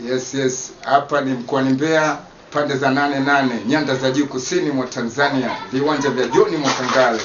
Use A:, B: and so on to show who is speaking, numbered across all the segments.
A: Yes, yes, hapa ni mkoani Mbeya, pande za nane nane, nyanda za juu kusini mwa Tanzania, viwanja vya John Mwakangale.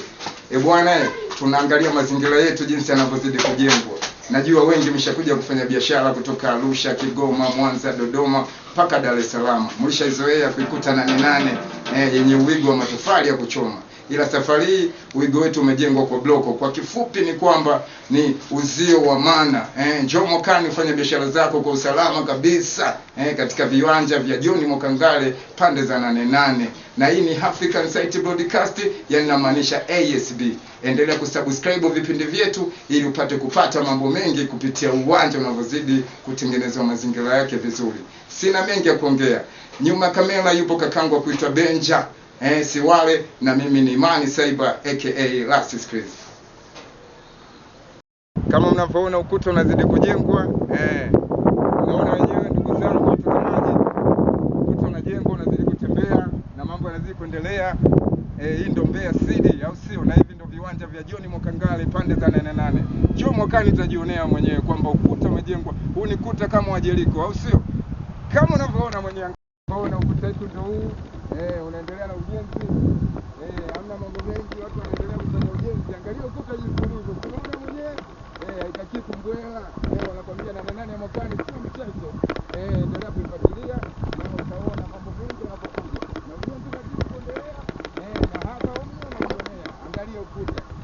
A: E bwana, e, tunaangalia mazingira yetu jinsi yanavyozidi kujengwa. Najua wengi mshakuja kufanya biashara kutoka Arusha, Kigoma, Mwanza, Dodoma mpaka Dar es Salaam. Mlishaizoea kuikuta nane nane eh, yenye uwigo wa matofali ya kuchoma ila safari hii wigo wetu umejengwa kwa bloko. Kwa kifupi ni kwamba ni uzio wa maana. Eh, njoo mwakani ufanye biashara zako kwa usalama kabisa eh, katika viwanja vya John Mokangale pande za nane nane, na hii ni African Site Broadcast, yani namaanisha ASB. Endelea kusubscribe vipindi vyetu ili upate kupata mambo mengi kupitia uwanja unavyozidi kutengenezwa mazingira yake vizuri. Sina mengi ya kuongea, nyuma kamera yupo kakangwa kuitwa Benja eh, si wale na mimi ni Imani Saiba aka Last Screen.
B: Kama mnavyoona ukuta unazidi kujengwa eh, naona wenyewe ndugu zangu watazamaji, ukuta unajengwa unazidi kutembea na mambo yanazidi kuendelea. Eh, hii ndio Mbeya City au sio? Na hivi ndio viwanja vya John Mokangale pande za nane nane juu. Mwakani nitajionea mwenyewe kwamba ukuta umejengwa, huu ni kuta kama wa Jeriko au sio? Kama unavyoona mwenyewe unaona ukuta wetu ndio huu eh, unaendelea na ujenzi eh, hamna mambo mengi, watu wanaendelea kufanya ujenzi. Angalia ukuta jinsi ulivyo, unaona mwenyewe eh, haitaki kumbwela eh, wanakwambia na nane ya mwakani sio mchezo eh, endelea kuifuatilia na utaona mambo mengi kuja na ujenzi unazidi kuendelea eh, na hapa umeona, Angalia ukuta